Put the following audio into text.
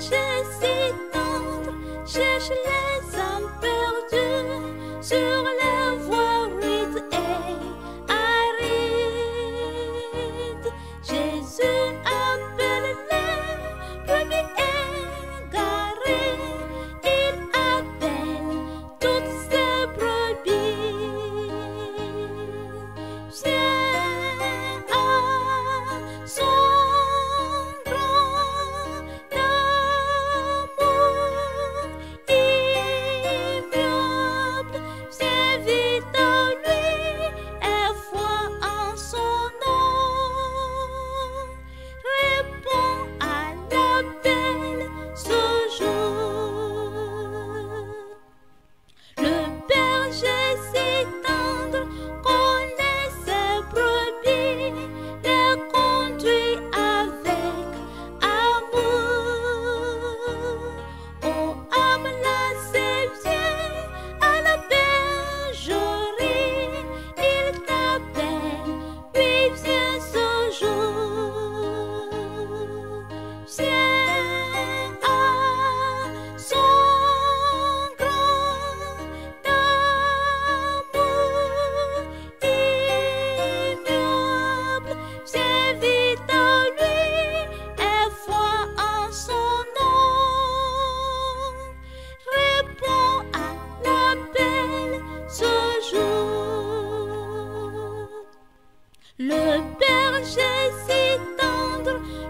cherche si tendre, cherche la Le berger si tendre